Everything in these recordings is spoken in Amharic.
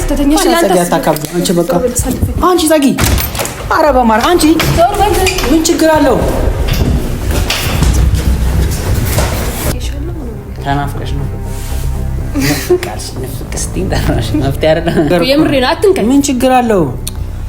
ስተተኛሽ አንቺ ጸጊ፣ ኧረ በማርያም አንቺ ምን ችግር አለው? ተናፍቀሽ ነው። ምን ችግር አለው?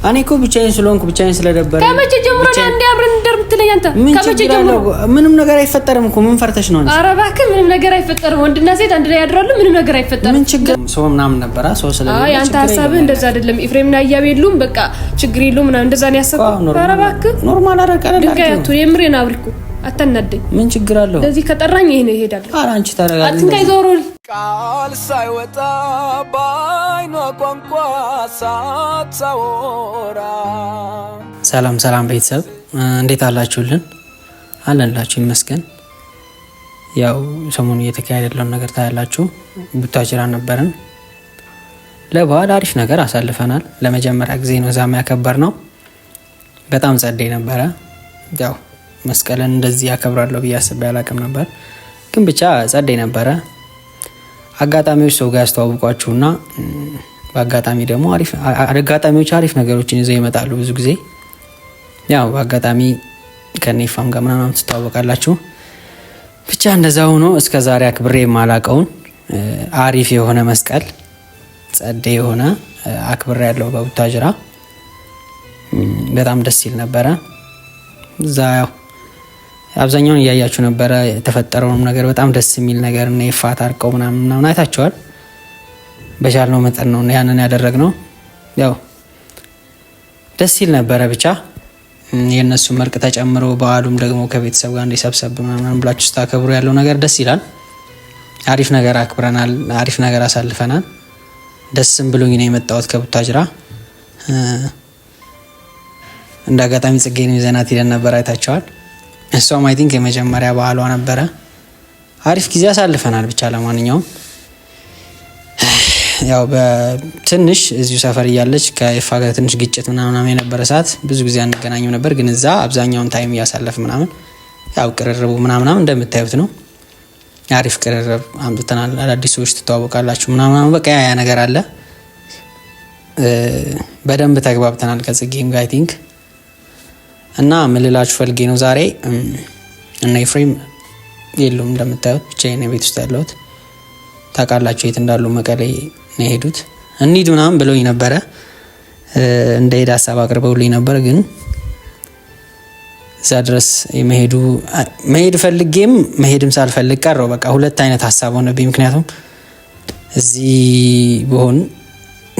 እኔ እኮ ብቻዬን ስለሆንኩ ብቻዬን ስለደበረ ከመቼ ጀምሮ ነው አንዴ አብረን እንደር የምትለኝ አንተ? ከመቼ ጀምሮ? ምንም ነገር አይፈጠርም እኮ ምን ፈርተሽ ነው? ኧረ እባክህ ምንም ነገር አይፈጠርም። ወንድና ሴት አንድ ላይ ያድራሉ። ምንም ነገር አይፈጠርም። ምን ችግር ሰው ምናምን ነበረ ሰው ስለሌለ አይ አንተ ሀሳብህ እንደዛ አይደለም። ኤፍሬምና አያብ የሉም በቃ ችግር የሉም ምናምን እንደዛ ነው ያሰብኩት። ኧረ እባክህ ኖርማል አረቀለ ድንጋይ አትሁን። የምሬን አብሪኩ አታናደኝ። ምን ችግር አለው? ለዚህ ከጠራኝ ይሄ ነው ይሄዳል። ኧረ አንቺ ታረጋለህ። አትንካይ ዞሩል ቃል ሳይወጣ በአይኗ ቋንቋ ሳታወራ። ሰላም ሰላም ቤተሰብ እንዴት አላችሁልን? አለንላችሁ ይመስገን። ያው ሰሞኑ እየተካሄደ ያለውን ነገር ታያላችሁ። ቡታጅራ ነበርን። ለበዓል አሪፍ ነገር አሳልፈናል። ለመጀመሪያ ጊዜ ነው ዛማ ያከበር ነው። በጣም ጸዴ ነበረ። ያው መስቀልን እንደዚህ ያከብራለሁ ብዬ አስቤ አላቅም ነበር፣ ግን ብቻ ጸዴ ነበረ። አጋጣሚዎች ሰው ጋር ያስተዋውቋችሁና በአጋጣሚ ደግሞ አጋጣሚዎች አሪፍ ነገሮችን ይዘው ይመጣሉ። ብዙ ጊዜ ያው በአጋጣሚ ከኔፋም ጋር ምናምን ትታወቃላችሁ። ብቻ እንደዛ ሆኖ እስከ ዛሬ አክብሬ የማላቀውን አሪፍ የሆነ መስቀል ጸዴ የሆነ አክብሬ ያለው በቡታጅራ በጣም ደስ ይል ነበረ እዛ ያው አብዛኛውን እያያችሁ ነበረ። የተፈጠረውንም ነገር በጣም ደስ የሚል ነገር እና ይፋት አርቀው ምናምን ምናምን አይታችኋል። በቻልነው መጠን ነው ያንን ያደረግነው። ያው ደስ ይል ነበረ ብቻ የእነሱ መርቅ ተጨምሮ በዓሉም ደግሞ ከቤተሰብ ጋር እንዲሰብሰብ ምናምን ብላችሁ ስታከብሩ ያለው ነገር ደስ ይላል። አሪፍ ነገር አክብረናል። አሪፍ ነገር አሳልፈናል። ደስም ብሎኝ ነው የመጣሁት ከቡታጅራ። እንደ አጋጣሚ ጽጌ ይዘናት ሄደን ነበር። አይታቸዋል። እሷም አይ ቲንክ የመጀመሪያ ባህሏ ነበረ። አሪፍ ጊዜ አሳልፈናል። ብቻ ለማንኛውም ያው በትንሽ እዚሁ ሰፈር እያለች ከኤፋ ጋር ትንሽ ግጭት ምናምናም የነበረ ሰዓት ብዙ ጊዜ አንገናኝም ነበር፣ ግን እዛ አብዛኛውን ታይም እያሳለፍ ምናምን ያው ቅርርቡ ምናምናም እንደምታዩት ነው። አሪፍ ቅርርብ አምጥተናል። አዳዲስ ሰዎች ትተዋወቃላችሁ ምናምናም በቃ ያ ነገር አለ። በደንብ ተግባብተናል ከጽጌም ጋር አይ ቲንክ እና ምልላችሁ ፈልጌ ነው ዛሬ እና ኤፍሬም የሉም እንደምታዩት፣ ብቻዬን ነው ቤት ውስጥ ያለሁት። ታውቃላችሁ የት እንዳሉ መቀሌ ነው የሄዱት። እንሂድ ምናምን ብለውኝ ነበረ እንደሄድ ሀሳብ አቅርበውልኝ ነበር ግን እዛ ድረስ መሄዱ መሄድ ፈልጌም መሄድም ሳልፈልግ ቀረው። በቃ ሁለት አይነት ሀሳብ ሆነብኝ። ምክንያቱም እዚህ ብሆን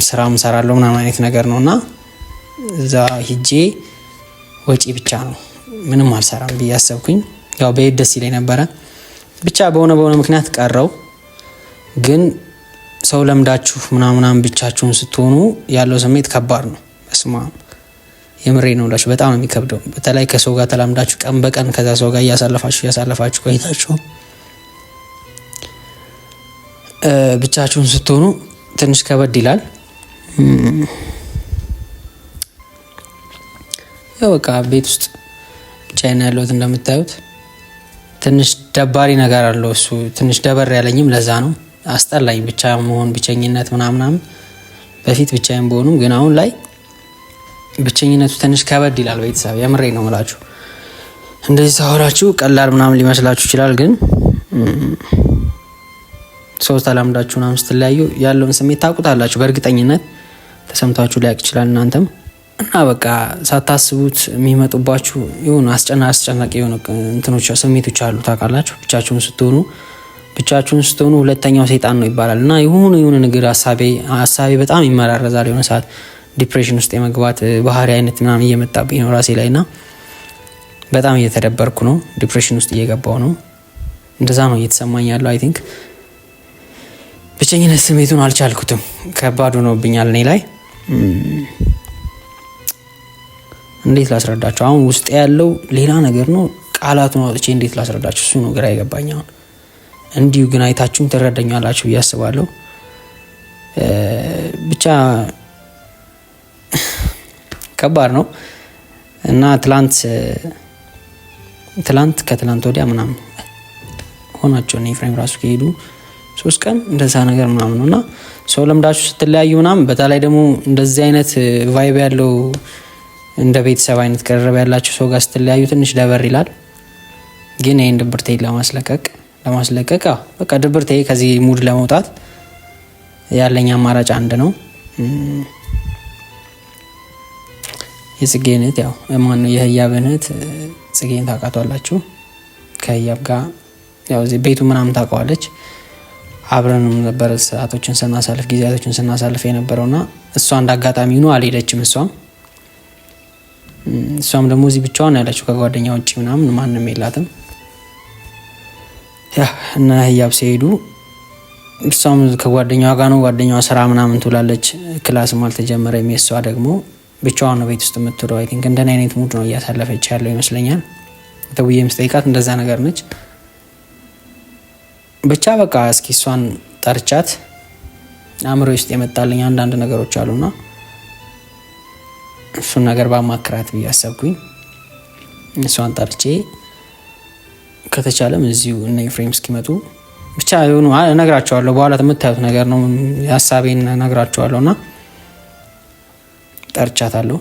ስራም ሰራለሁ ምናምን አይነት ነገር ነው እና እዛ ሂጄ ወጪ ብቻ ነው ምንም አልሰራም ብዬ አሰብኩኝ። ያው በየት ደስ ይለኝ ነበረ። ብቻ በሆነ በሆነ ምክንያት ቀረው። ግን ሰው ለምዳችሁ ምናምናም ብቻችሁን ስትሆኑ ያለው ስሜት ከባድ ነው። በስማ የምሬ ነው ላችሁ በጣም ነው የሚከብደው። በተለይ ከሰው ጋር ተላምዳችሁ ቀን በቀን ከዛ ሰው ጋር እያሳለፋችሁ እያሳለፋችሁ ቆይታችሁ ብቻችሁን ስትሆኑ ትንሽ ከበድ ይላል። ያው በቃ ቤት ውስጥ ብቻዬን ያለሁት እንደምታዩት ትንሽ ደባሪ ነገር አለው እሱ ትንሽ ደበር ያለኝም ለዛ ነው። አስጠላኝ ብቻ መሆን ብቸኝነት ምናምናም በፊት ብቻዬን በሆኑም ግን አሁን ላይ ብቸኝነቱ ትንሽ ከበድ ይላል። ቤተሰብ የምሬ ነው ምላችሁ እንደዚህ ሳወራችሁ ቀላል ምናምን ሊመስላችሁ ይችላል። ግን ሰው ተላምዳችሁ ምናምን ስትለያዩ ያለውን ስሜት ታውቁታላችሁ በእርግጠኝነት ተሰምታችሁ ሊያውቅ ይችላል እናንተም እና በቃ ሳታስቡት የሚመጡባችሁ የሆኑ አስጨና አስጨናቂ የሆነ እንትኖች ስሜቶች አሉ ታውቃላችሁ። ብቻችሁን ስትሆኑ ብቻችሁን ስትሆኑ ሁለተኛው ሰይጣን ነው ይባላል እና የሆነ የሆነ ነገር ሀሳቤ ሀሳቤ በጣም ይመራረዛል። የሆነ ሰዓት ዲፕሬሽን ውስጥ የመግባት ባህሪ አይነት ምናምን እየመጣብኝ ነው ራሴ ላይ እና በጣም እየተደበርኩ ነው። ዲፕሬሽን ውስጥ እየገባው ነው። እንደዛ ነው እየተሰማኝ ያለው አይ ቲንክ ብቸኝነት ስሜቱን አልቻልኩትም። ከባድ ሆኖብኛል እኔ ላይ እንዴት ላስረዳቸው? አሁን ውስጥ ያለው ሌላ ነገር ነው። ቃላቱን አውጥቼ እንዴት ላስረዳቸው? እሱ ነው ግራ የገባኝ። አሁን እንዲሁ ግን አይታችሁም ትረዳኛላችሁ ብዬ አስባለሁ። ብቻ ከባድ ነው እና ትላንት ትላንት ከትላንት ወዲያ ምናምን ሆናቸው ነው ፍሬም ራሱ ከሄዱ ሶስት ቀን እንደዛ ነገር ምናምን ነው እና ሰው ለምዳችሁ ስትለያዩ ምናምን በተለይ ደግሞ እንደዚህ አይነት ቫይብ ያለው እንደ ቤተሰብ አይነት ቅርርብ ያላቸው ሰው ጋር ስትለያዩ ትንሽ ደበር ይላል። ግን ይህን ድብርቴ ለማስለቀቅ ለማስለቀቅ በቃ ድብርቴ ከዚህ ሙድ ለመውጣት ያለኝ አማራጭ አንድ ነው። የጽጌ እህት ያው ማን ነው የህያብ እህት ጽጌን ታውቃቷላችሁ። ከህያብ ጋር ያው ቤቱ ምናምን ታውቀዋለች። አብረንም ነበር ሰዓቶችን ስናሳልፍ ጊዜያቶችን ስናሳልፍ የነበረውና እሷ እንዳጋጣሚ ሆኖ አልሄደችም እሷም እሷም ደግሞ እዚህ ብቻዋን ያለችው ከጓደኛ ውጭ ምናምን ማንም የላትም። ያ እና ህያብ ሲሄዱ እሷም ከጓደኛዋ ጋር ነው። ጓደኛዋ ስራ ምናምን ትውላለች። ክላስም አልተጀመረ። የሚሷ ደግሞ ብቻዋን ነው ቤት ውስጥ የምትውለው። አይ ቲንክ እንደን አይነት ሙድ ነው እያሳለፈች ያለው ይመስለኛል። ተውዬ ምስጠይቃት እንደዛ ነገር ነች። ብቻ በቃ እስኪ እሷን ጠርቻት አእምሮ ውስጥ የመጣልኝ አንዳንድ ነገሮች አሉና እሱን ነገር ባማክራት ብዬ አሰብኩኝ። እሷን ጠርቼ ከተቻለም እዚሁ እነ ኤፍሬም እስኪመጡ ብቻ የሆኑ እነግራቸዋለሁ። በኋላ የምታዩት ነገር ነው። ሀሳቤን እነግራቸዋለሁ እና ጠርቻታለሁ።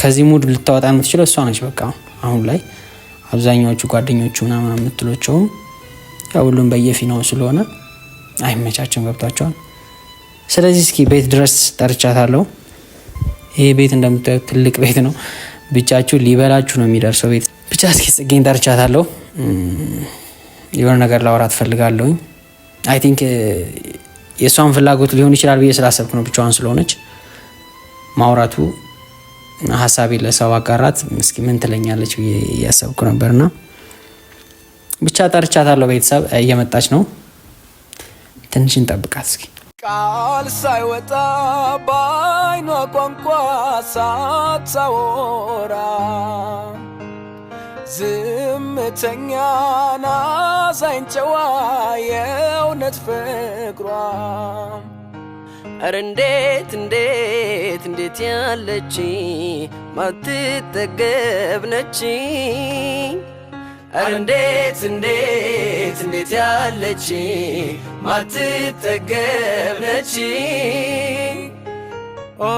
ከዚህ ሙድ ልታወጣ የምትችለው እሷ ነች። በቃ አሁን ላይ አብዛኛዎቹ ጓደኞቹ ምናምን የምትሎቸውም ሁሉም በየፊናው ስለሆነ አይመቻቸውም፣ ገብቷቸዋል። ስለዚህ እስኪ ቤት ድረስ ጠርቻታለሁ። ይሄ ቤት እንደምታዩት ትልቅ ቤት ነው። ብቻችሁ ሊበላችሁ ነው የሚደርሰው ቤት ብቻ። እስኪ ጽጌኝ ጠርቻታለሁ። የሆነ ነገር ላወራ ፈልጋለሁኝ። አይ ቲንክ የእሷን ፍላጎት ሊሆን ይችላል ብዬ ስላሰብኩ ነው። ብቻዋን ስለሆነች ማውራቱ ሀሳቤ ለሰው አጋራት እስኪ ምን ትለኛለች ብዬ እያሰብኩ ነበርና ብቻ ጠርቻታለሁ። ቤተሰብ እየመጣች ነው። ትንሽ እንጠብቃት እስኪ ቃል ሳይወጣ በአይኗ ቋንቋ ሳታወራ ዝምተኛ ናዛኝ ጨዋ የእውነት ፍቅሯ እረ እንዴት እንዴት እንዴት ያለች ማትጠገብ ነች አረ እንዴት እንዴት እንዴት ያለች ማትጠገብ ነች ኦ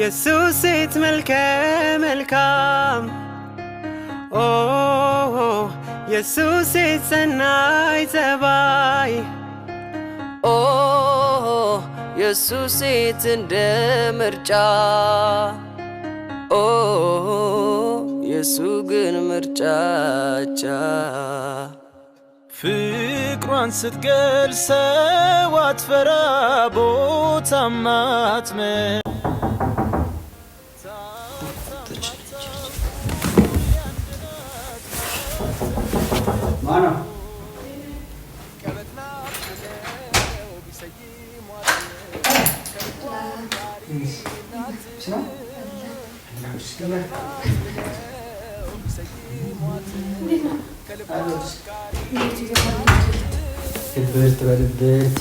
የሱስ ሴት መልከ መልካም ኦ የሱስ ሴት ሰናይ ተባይ ኦ የሱስ ሴት እንደ ምርጫ ኦ የእሱ ግን ምርጫጫ ፍቅሯን ስትገልጸው አትፈራ ቦታ ማትመ ድብርት በድብርት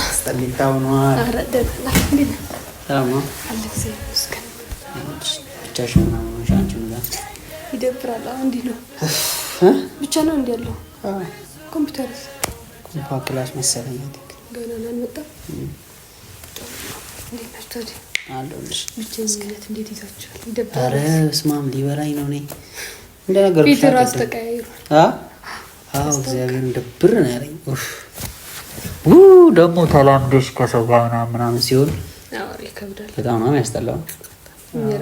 አስጠሊታው ነዋል። ይደብራል። እንዲህ ነው ብቻ ነው እንዲ ያለው ኮምፒውተር ኮምፓ ክላስ መሰለኝ ገና አልመጣም። እንዴት ይዛችኋል? ኧረ በስመ አብ ሊበላኝ ነው እኔ እንደነገርኩሽ እግዚአብሔር ነው ያለኝ። ደግሞ ተላምደሽ ከሰው ጋር ምናምን ሲሆን በጣም ነው የሚያስጠላው። ኧረ እኔ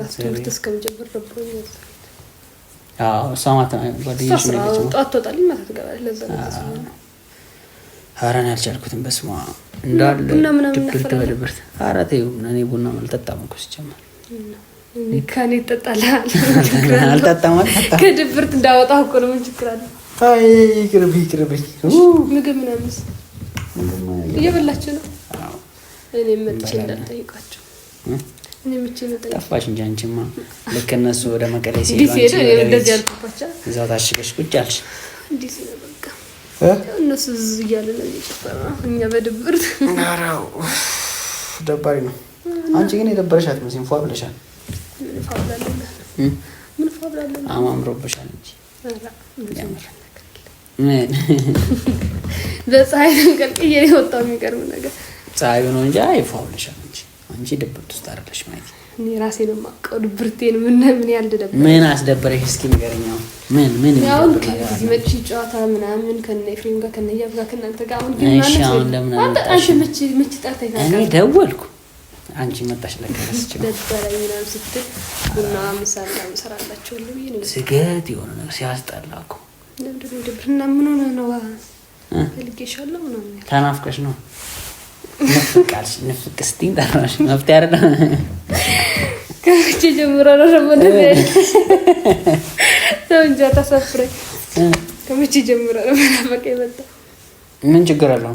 በስመ አብ እንዳለ ድብር ትበልብርት። ኧረ ቡና አልጠጣም እኮ ሲጀመር ከኔ ትጠጣለህ? ከድብርት እንዳወጣ እኮ ነው። ምን ችግር አለ? ይቅርብኝ፣ ይቅርብኝ። ምግብ ምናምንስ እየበላችሁ ነው? እኔ መጥቼ እንዳልጠይቃቸው ጠፋሽ እንጂ አንቺማ ልክ እነሱ ወደ መቀሌ ሲሄዱ እዛው ታሽገሽ ቁጭ አልሽ። እነሱ እያለ ነው እየጨፈረ እኛ በድብርት ደባሪ ነው። አንቺ ግን የደበረሽ አትመስይም፣ ፏ ብለሻል። አማምሮብሻል እንጂ በፀሐይ ተንቀልቅዬ የወጣው የሚገርም ነገር ፀሐዩ ነው እንጂ አይፋውልሻል እንጂ አንቺ ድብርት ውስጥ አይደለሽ ማለት እኔ ራሴ ነው የማውቀው ድብርቴን ምን ምን ያልደደበ ምን አስደበረሽ እስኪ ንገረኛው ምን ምን አሁን ከዚህ መጪ ጨዋታ ምናምን ከነ ኤፍሬም ጋር ከነ ያብ ጋር ከእናንተ ጋር አሁን ግን ማለት ነው አንተ አንቺ መቼ መቼ ጠርተሽ እኔ ደወልኩ አንቺ መጣሽ ቡና ስገት የሆነ ነገር ሲያስጠላ እኮ ድብርና ምን ሆነ ነው ተናፍቀሽ ነው ንፍቅ ስትይኝ ጠራሽ መፍትሄ አለ ከመቼ ጀምሮ ነው ደግሞ ሰው ከመቼ ጀምሮ ነው መናፈቅ የመጣው ምን ችግር አለው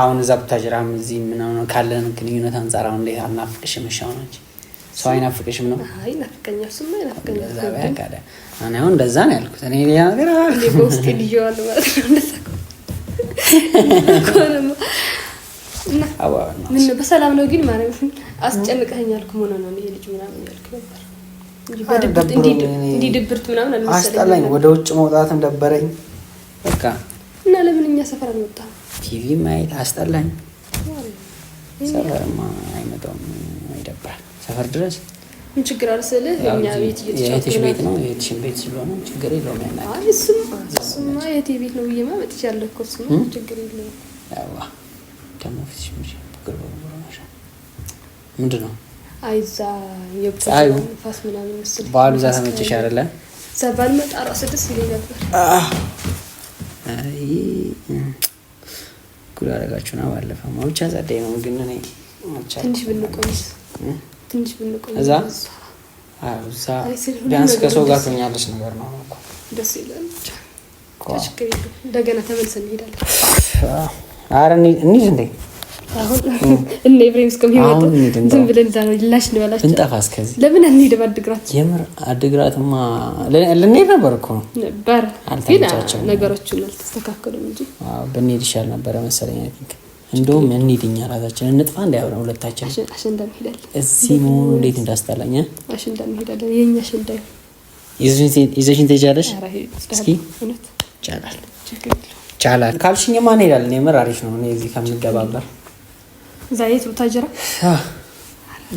አሁን እዛ ቡታጅራም እዚህ ምናምን ካለን ግንኙነት አንጻር አሁን ላይ አናፍቅሽ እሺ ሆነች ሰው አይናፍቅሽም ነው? አይናፍቀኛል። እሱማ አሁን እንደዛ ነው ያልኩት። እኔ ሌላ ነገር በውስጤ ልየዋል ማለት ነው። ምን በሰላም ነው ግን ማለት አስጨንቀኛል እኮ ነው። ይሄ ልጅ ምናምን ያልክ ነበር እንዲህ አስጠላኝ። ወደ ውጭ መውጣትም ደበረኝ። በቃ እና ለምን እኛ ሰፈር አልወጣም ቲቪ ማየት አስጠላኝ። ሰፈርማ አይመጣውም፣ ይደብራል። ሰፈር ድረስ ምን ችግር አለ ስልህ ቤት ነው የእህትሽን ቤት ስለሆነ ችግር የለውም። እሱማ የእህቴ ቤት ነው መጥቻለሁ ችግር የለውም። ያዋ ደግሞ ነው? በዓሉ እዛ ተመቸሽ አይደለ? እዛ ባልመጣ እራሱ ደስ ይለኝ ነበር። ጉድ አደረጋችሁና ባለፈው ብቻ ጸዳይ ነው ግን እኔ ትንሽ እዛ ቢያንስ ከሰው ጋር ትሆኛለች ነገር ነው እኮ ደስ ይላል። ብቻ እንደገና ተመልሰን እንሄዳለን። አረ እንሂድ እንዴ እነ ኤፍሬም እስከሚመጡ ዝም ብለን ላሽ እንጠፋ። እስከዚህ ለምን አንሄድም? አድግራት የምር አድግራትማ ልንሄድ ነበር እኮ ነበር፣ አልተስተካከሉም እንጂ ብንሄድ ይሻል ነበረ መሰለኝ። እንደውም እንሂድ እኛ ራሳችን እንጥፋ እንዳያብረን ሁለታችን አሸንዳ እዚህ መሆኑ እንዴት እንዳስጠላኝ። አሸንዳ አሸንዳ ይዘሽን ትሄጃለሽ? እስኪ ይቻላል ካልሽኝማ እንሄዳለን። የምር አሪፍ ነው እዚህ ከምንገባበር እዛ የት ብታጀራ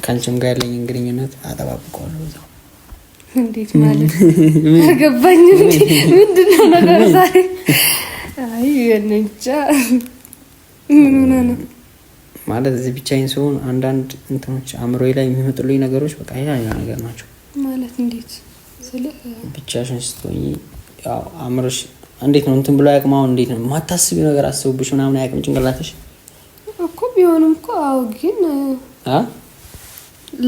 ከአንቺም ጋር ያለኝን ግንኙነት አጠባብቀዋለሁ። እንዴት ማለት ገባኝ። ምንድን ነው ነገር ዛሬ? አይ እኔ ምን ሆነ ነው ማለት እዚህ ብቻዬን ሲሆን አንዳንድ እንትኖች አእምሮ ላይ የሚመጡልኝ ነገሮች በቃ ሌላ ነገር ናቸው። ማለት እንዴት ስለ ብቻሽን ስትሆኚ አእምሮሽ እንዴት ነው እንትን ብሎ አያውቅም። አሁን እንዴት ነው የማታስቢው ነገር አስቡብሽ ምናምን አያውቅም ጭንቅላትሽ እኮ ቢሆንም እኮ አዎ። ግን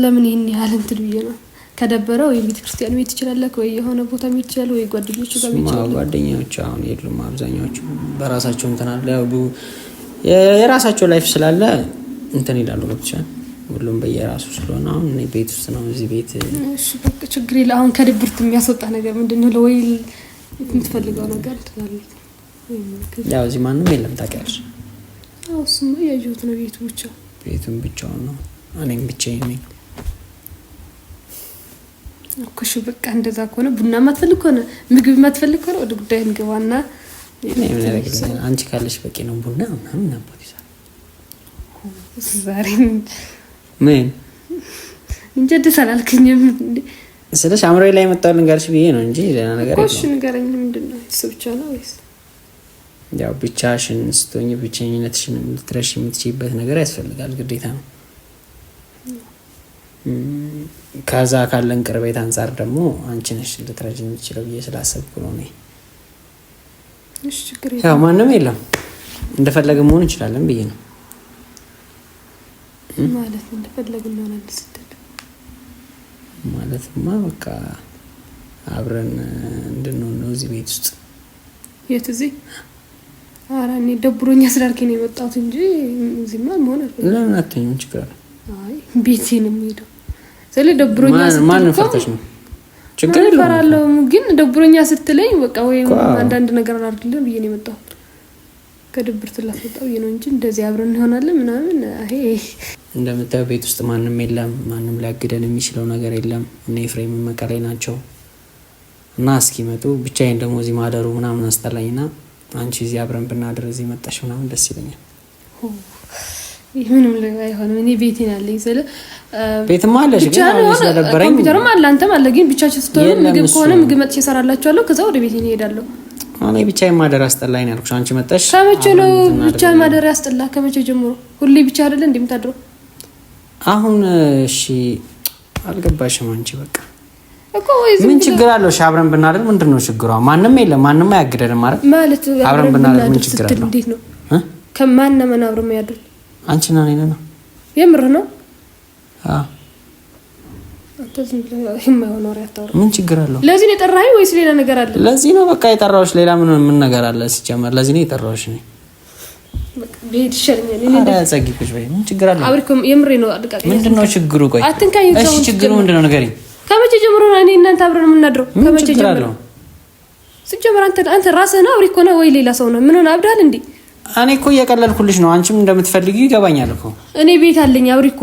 ለምን ይህን ያህል እንትን ብዬ ነው። ከደበረ ወይ ቤተክርስቲያን መሄድ ትችላለህ፣ ወይ የሆነ ቦታ መሄድ ትችላለህ፣ ወይ ጓደኞች ጋር መሄድ ትችላለህ። ጓደኞች አሁን የሉም አብዛኛዎቹ በራሳቸው እንትን አለ ያው የራሳቸው ላይፍ ስላለ እንትን ይላሉ። ብቻ ሁሉም በየራሱ ስለሆነ አሁን እኔ ቤት ውስጥ ነው እዚህ ቤት ችግር የለ። አሁን ከድብርት የሚያስወጣ ነገር ምንድን ነው? ወይ የምትፈልገው ነገር ያው እዚህ ማንም የለም ታውቂያለሽ እሱማ እያየሁት ነው። ቤቱ ብቻ ቤቱም ብቻውን ነው፣ እኔም ብቻዬን ነኝ እኮ። እሺ በቃ እንደዛ ከሆነ ቡና ማትፈልግ ከሆነ ምግብ ማትፈልግ ከሆነ ወደ ጉዳይ እንገባና አንቺ ካለሽ በቂ ነው። ቡና ምናምን አባት ዛሬ ምን እንጂ ደስ አላልክኝም ስለሽ አእምሮዬ ላይ መጣልን ጋርሽ ብዬ ነው እንጂ ደህና ነገር እኮ። እሺ ንገረኝ፣ ምንድን ነው ብቻ ነው ወይስ ያው ብቻሽን ስትሆኝ ብቸኝነትሽን ልትረሽ የምትችይበት ነገር ያስፈልጋል፣ ግዴታ ነው። ከዛ ካለን ቅርቤት አንጻር ደግሞ አንቺ ነሽ ልትረጅ የምትችለው ብዬ ስላሰብኩ ነው። ያው ማንም የለም እንደፈለገ መሆን እንችላለን ብዬ ነው ማለት ማለትማ በቃ አብረን እንድንሆን ነው እዚህ ቤት ውስጥ የት እዚህ ኧረ እኔ ደብሮኝ አስዳርኬ ነው የመጣሁት እንጂ እዚህማ መሆን ለምን አትተኝም? ችግር አለ። አይ ቤቴ ነው የምሄደው። ስለዚህ ደብሮኛ ማንን ፈርተሽ ነው? ችግር የለውም እፈራለሁ፣ ግን ደብሮኛ ስትለኝ በቃ ወይም አንዳንድ ነገር አድርግልን ብዬ ነው የመጣሁት። ከድብርት ላስወጣ ብዬ ነው እንጂ እንደዚህ አብረን እንሆናለን ምናምን። ይሄ እንደምታየው ቤት ውስጥ ማንም የለም፣ ማንም ሊያግደን የሚችለው ነገር የለም። እኔ ፍሬም መቀሌ ናቸው እና እስኪመጡ ብቻዬን ደግሞ እዚህ ማደሩ ምናምን አስጠላኝና አንቺ እዚህ አብረን ብናድር እዚህ መጣሽ ምናምን ደስ ይለኛል። ምንም አይሆንም። እኔ ቤቴን አለኝ ስለ ቤትም አለሽ ኮምፒውተርም አለ አንተም አለ። ግን ብቻችን ስትሆኑ ምግብ ከሆነ ምግብ መጥቼ እሰራላችኋለሁ። ከዛ ወደ ቤቴ እሄዳለሁ። እኔ ብቻ የማደር አስጠላኝ ነው ያልኩሽ። አንቺ መጣሽ። ከመቼ ነው ብቻ ማደር ያስጠላ? ከመቼ ጀምሮ? ሁሌ ብቻ አይደለ እንደምታድረው? አሁን እሺ፣ አልገባሽም አንቺ በቃ ምን ችግር አለው? አብረን ብናደርግ ምንድን ነው ችግሯ? ማንም የለም፣ ማንም አያግደንም ማለት ማለት አብረን ብናደርግ ምን ችግር አለው? እንዴት ነው ከማን ምን አብረን የሚያድር አንቺና እኔ ነው። የምር ነው። ምን ችግር አለው? ለዚህ ነው የጠራኸኝ ወይስ ሌላ ነገር አለ? ለዚህ ነው በቃ የጠራሁሽ። ሌላ ምን ምን ነገር አለ? ሲጀመር ለዚህ ነው የጠራሁሽ። እኔ ብሄድ ይሻለኛል። ምን ችግር አለ? ምንድን ነው ችግሩ? ቆይ ችግሩ ምንድን ነው ንገሪኝ ከመቼ ጀምሮ ነው እኔ እናንተ አብረን የምናድረው? ከመቼ ጀምሮ ስጀምር አንተ አንተ ራስህ ነው አብሪ እኮ ነህ ወይ ሌላ ሰው ነው? ምን ሆነ አብዳል እንዴ? እኔ እኮ እየቀለልኩልሽ ነው። አንቺም እንደምትፈልጊ ይገባኛል እኮ እኔ ቤት አለኝ። አብሬ እኮ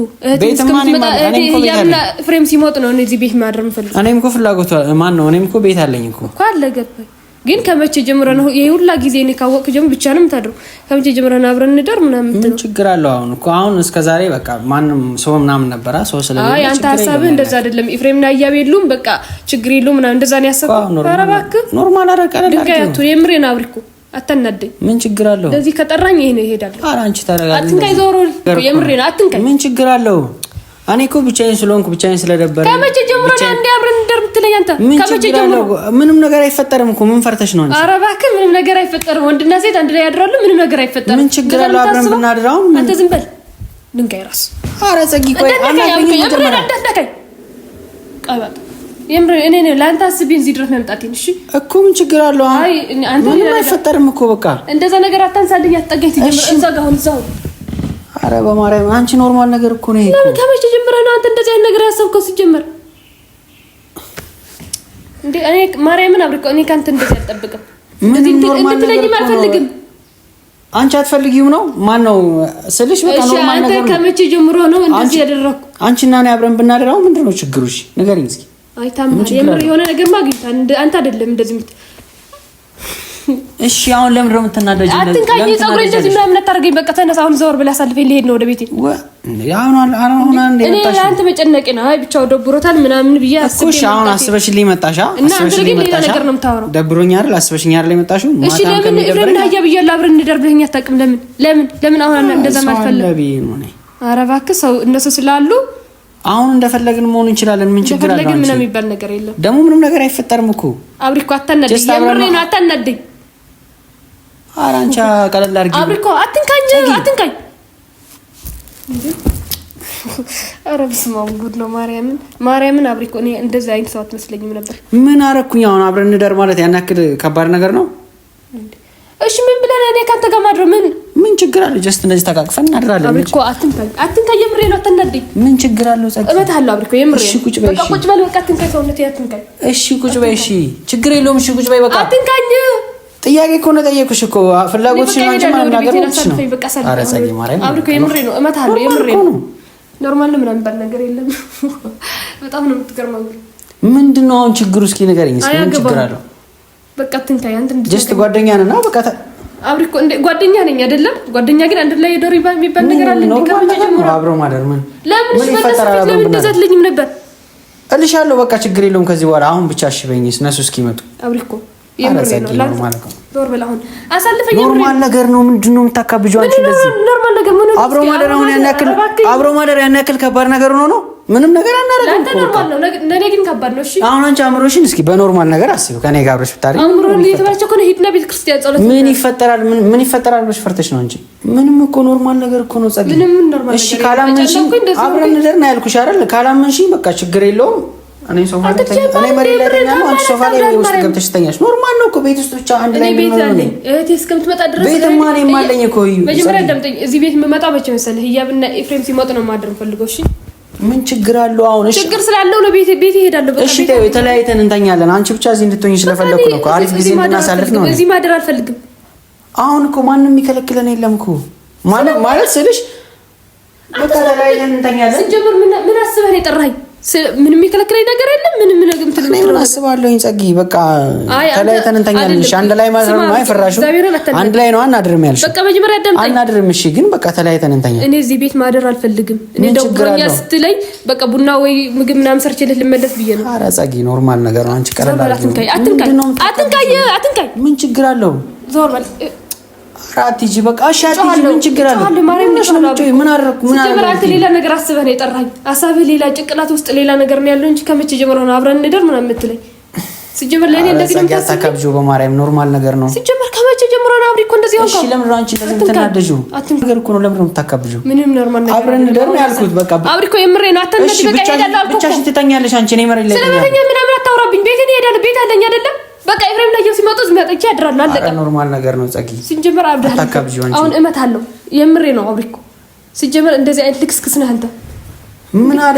ፍሬም ሲሞጥ ነው እዚህ ቤት ማድረግ የምፈልግ። እኔም እኮ ፍላጎቷ ማን ነው? እኔም እኮ ቤት አለኝ እኮ አለ ገባኝ ግን ከመቼ ጀምረ ነው ይሄ ሁላ ጊዜ እኔ ካወቅ ጀምሮ ብቻ ነው የምታድሩ? ከመቼ ጀምረ ነው አብረን እንደር ምናምን ምን ችግር አለው? አሁን እኮ አሁን እስከ ዛሬ በቃ ማንም ሰው ምናምን ነበራ ሰው ስለ አይ አንተ ሀሳብህ እንደዛ አይደለም። ኢፍሬም ና እያብ የሉም በቃ ችግር የሉም ምናምን እንደዛ ነው ያሰብኩት። ኧረ እባክህ ኖርማል አረቀለ ድንጋያቱ የምሬን አብሪኩ አታናደኝ። ምን ችግር አለው? ለዚህ ከጠራኝ ይሄ ነው ይሄዳል። ኧረ አንቺ ታረጋለህ። አትንካኝ፣ ዞሮ የምሬን አትንካኝ። ምን ችግር አለው? እኔ እኮ ብቻዬን ስለሆንኩ ብቻዬን ስለደበረ ከመቼ ጀምሮ ነው አንዴ አብረን እንደር ብትለኝ አንተ? ከመቼ ጀምሮ ምንም ነገር አይፈጠርም እኮ ምን ፈርተሽ ነው አንቺ? ኧረ እባክህ ምንም ነገር አይፈጠርም። ወንድና ሴት አንድ ላይ ያድራሉ፣ ምንም ነገር አይፈጠርም። ምን ችግር አለው አብረን ብናድር? አሁን አንተ ዝም በል ድንጋይ ራስ። ኧረ ፅጌ ቆይ አናገኝ ጀምራ የምር እኔ ነው ለአንተ አስቤ እዚህ ድረስ መምጣቴን። እሺ እኮ ምን ችግር አለው? አይ አንተ ምንም አይፈጠርም እኮ በቃ እንደዛ ነገር አታንሳልኝ፣ አትጠጋኝ። ትጀምር እዛ ጋር አሁን እዛው አረ በማርያም አንቺ ኖርማል ነገር እኮ ነው። ይሄ። ከመቼ ጀምረህ ነው አንተ እንደዚህ አይነት ነገር ያሰብከው? ሲጀምር እንዴ እኔ ማርያምን አብርቀው እኔ ካንተ እንደዚህ አልጠብቅም። ምን ኖርማል ነገር አልፈልግም። አንቺ አትፈልጊውም ነው ማን ነው ስልሽ? በቃ ኖርማል ነገር ነው። ከመቼ ጀምሮ ነው እንደዚህ ያደረኩ? አንቺና እኔ አብረን ብናደራው ምንድነው ችግሩሽ? ንገሪኝ እስኪ። አይታማ የምር የሆነ ነገር ማግኝታ አንተ አይደለም እንደዚህ እሺ አሁን ለምን ነው የምትናደጂው? አትንካኝ፣ ፀጉሬ እንደዚህ ምናምን አታደርገኝ። በቃ ተነሳ፣ አሁን ዘወር ብለህ አሳልፈኝ፣ ልሄድ ነው ወደ ቤቴ። እኔ ለአንተ መጨነቄ ነው። አይ ብቻው ደብሮታል ምናምን ብዬ አስቤ እሺ። አሁን አስበሽልኝ መጣሽ እና አንተ ግን ሌላ ነገር ነው የምታወራው። ደብሮኝ አይደል? አስበሽኝ አይደል የመጣሽው? እሺ ለምን ለምን አያ ብያለሁ፣ አብረን እንደር ብለኸኝ አታውቅም። ለምን ለምን ለምን አሁን እንደዛ ማልፈልግ። ኧረ እባክህ ሰው እነሱ ስላሉ አሁን እንደፈለግን መሆን እንችላለን። ምን ችግር አለው? እንደፈለግን ምንም የሚባል ነገር የለም። ደግሞ ምንም ነገር አይፈጠርም እኮ አብሪ እኮ አታናደኝ። የምሬን ነው አታናደኝ ኧረ አንቺ ቀለል አድርጊ። አብሪ አትንካኝ፣ አትንካኝ። ኧረ በስመ አብ ጉድ ነው። ማርያምን ማርያምን አብሪኮ እኔ እንደዚህ አይነት ሰው አትመስለኝም ነበር። ምን አረኩኝ አሁን? አብረን እንደር ማለት ያን ያክል ከባድ ነገር ነው? እሺ ምን ብለን እኔ ካንተ ጋር ማድረው ምን ምን ችግር አለው? ጀስት እንደዚህ ተቃቅፈን እናድራለን። አብሪኮ አትንካኝ፣ አትንካኝ። የምሬ ነው። አታናደኝ። ምን ችግር አለው? ጸጥ እመታለሁ። አብሪ እኮ የምሬ። እሺ ቁጭ በይ፣ በቃ ቁጭ በል። በቃ አትንካኝ፣ ሰውነቴ አትንካኝ። እሺ ቁጭ በይ። እሺ ችግር የለውም። እሺ ቁጭ በይ፣ በቃ አትንካኝ። ጥያቄ እኮ ነው ጠየቁሽ እኮ ፍላጎት ሲማጭ ማለት ነገር የለም። በጣም ነው የምትገርመው። ምንድን ነው አሁን ችግሩ? እስኪ ንገረኝ። ምን ችግር አለው? በቃ ጀስት ጓደኛ ነና በቃ እንደ ጓደኛ ነኝ አይደለም። ጓደኛ ግን አንድ ላይ የሚባል ነገር አለ። አብሮ ማደር ምን ለምን ለምን ነበር እልሻለሁ። በቃ ችግር የለውም ከዚህ በኋላ አሁን ብቻ እሺ በይኝ። እነሱ እስኪመጡ ኖርማል ነገር ነው። ምንድን ነው የምታካብጂው አንቺ? እንደዚህ አብሮ ማደር አሁን ያን ያክል ከባድ ነገር ሆኖ ነው? ምንም ነገር አናደርግም። አንቺ አእምሮሽን እስኪ በኖርማል ነገር አስቢው። ከኔ ጋር አብረሽ ብታደርጊ ምን ይፈጠራል? ምን ይፈጠራል ብለሽ ፈርተሽ ነው እንጂ ምንም እኮ ኖርማል ነገር እኮ ነው። ጸጋ እሺ፣ ካላመንሽኝ አብረን እንደርና ያልኩሽ አይደል? ካላመንሽኝ በቃ ችግር የለውም እኔ ሶፋ ላይ ተኛለሁ። ኖርማል ነው እኮ ቤት ውስጥ ብቻ አንድ ላይ ቤት አለኝ እዚህ ቤት የምመጣ መቼ መሰለህ? ህያብና ነው ማደር ፈልገው። ምን ችግር አለው? አሁን እሺ ችግር ስላለው ነው ቤት ቤት እሄዳለሁ። በቃ እሺ ተይው፣ የተለያይተን እንተኛለን። አንቺ ብቻ እዚህ እንድትሆኝ ስለፈለኩ ነው እኮ። አሪፍ ጊዜ እንድናሳልፍ ነው። እዚህ ማደር አልፈልግም። አሁን እኮ ማንም የሚከለክለን የለም እኮ ማለት ማለት ስልሽ በቃ ተለያይተን እንተኛለን። ስንጀምር ምን አስበህ ነው የጠራኸኝ? ምንም የከለከለኝ ነገር የለም። ምንም ነገር ምትልኝ ምን አስባለሁኝ ጸጊ በቃ ተለያይተን ተንንተኛልሽ አንድ ላይ ማድረግ ነው። አይ አንድ ላይ ነው አናድርም ያልሽ። በቃ መጀመሪያ አዳምጠኝ። አናድርም እሺ፣ ግን በቃ ተለያይተን ተንንተኛ። እኔ እዚህ ቤት ማደር አልፈልግም። እኔ ደብሮኛ ስትለኝ በቃ ቡና ወይ ምግብ ምናምን ሰርችልህ ልመለስ ብዬ ነው። ኧረ ጸጊ ኖርማል ነገር ነው። አንቺ ቀለል አትንካይ፣ አትንካይ፣ አትንካይ። ምን ችግር አለው? ዞር በል አትሂጂ፣ በቃ እሺ፣ አትሂጂ። ምን ችግር አለ? ምን አደረኩ? ምን አደረኩ? አንተ ሌላ ነገር አስበህ ነው የጠራኝ። ሀሳብህ ሌላ፣ ጭንቅላት ውስጥ ሌላ ነገር ነው ያለው እንጂ ከመቼ ጀምሮ ነው አብረን እንደር ምናምን የምትለኝ? ሲጀመር ለእኔ እንደዚህ ነው የምታስበው። በማርያም ኖርማል ነገር ነው። ሲጀመር ከመቼ ጀምሮ ነው አብሪ እኮ እንደዚህ ሆንኩ? እሺ፣ ለምን ነው አንቺ እንደዚህ የምትናደጂው? አትም ነገር እኮ ነው። ለምን ነው የምታካብጂው? ምንም ኖርማል ነገር አብረን እንደር ነው ያልኩት። በቃ አብሪ እኮ የምሬ ነው። አትነሽ፣ በቃ እሄዳለሁ አልኩ። ብቻሽን ትተኛለሽ አንቺ። እኔ መሬት ላይ ስለተኛ ምናምን አታውራብኝ። ቤቴ እሄዳለሁ። ቤት አለኝ አይደለም በቃ ኤፍሬም ላይ ሲመጡ ዝም መጥቼ ያድራሉ። አለቀ። ኖርማል ነገር ነው። ጸጊ ሲጀመር አብዳል አሁን እመት አለው። የምሬ ነው። አብሪኮ ሲጀመር እንደዚህ አይነት ልክስክስ ነህ አንተ። ምን አለ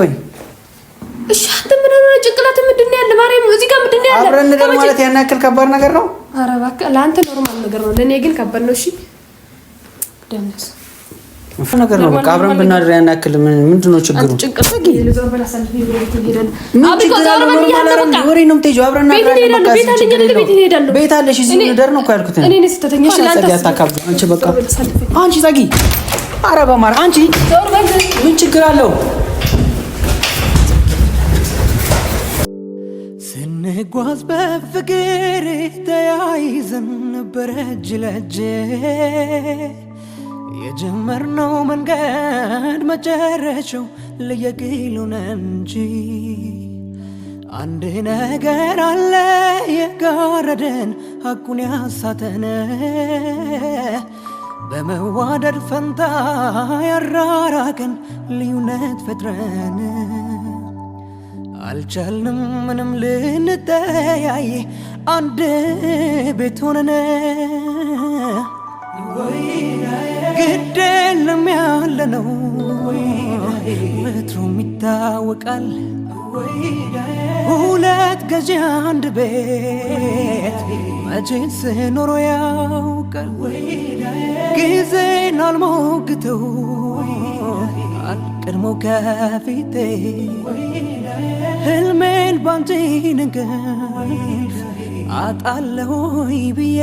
ቆይ እሺ አንተ ምን ሆነ? ጭንቅላት ምንድን ያለ? ማርያም እዚህ ጋር ምንድን ያለ? አብረን ነገር ማለት ያን ያክል ከባድ ነገር ነው? ኧረ እባክህ ለአንተ ኖርማል ነገር ነው፣ ለእኔ ግን ከባድ ነው። እሺ ደምስ ነገር ነው። በቃ አብረን ብናድር ያን ያክል ምንድን ነው ችግሩ? ቤት አለሽ እዚህ ምንደር ነው እኮ አንቺ ጸጊ፣ ኧረ በማርያም አንቺ ምን ችግር አለው? ስንጓዝ በፍቅር ተያይዘን ነበረ እጅ ለእጅ የጀመርነው መንገድ መጨረሻው ለየግሉ ነው እንጂ አንድ ነገር አለ የጋረደን ሀቁን ያሳተነ በመዋደድ ፈንታ ያራራቀን ልዩነት ፈጥረን አልቻልንም ምንም ልንጠያይ አንድ ቤት ሆነን ግድ የለም ያለ ነው ወትሮም ይታወቃል። ሁለት ገዢ አንድ ቤት መቼን ስኖሮ ያውቃል። ጊዜን አልሞግተው አልቀድሞ ከፊቴ ህልሜን ባንቺ ነገር አጣለሁ ብዬ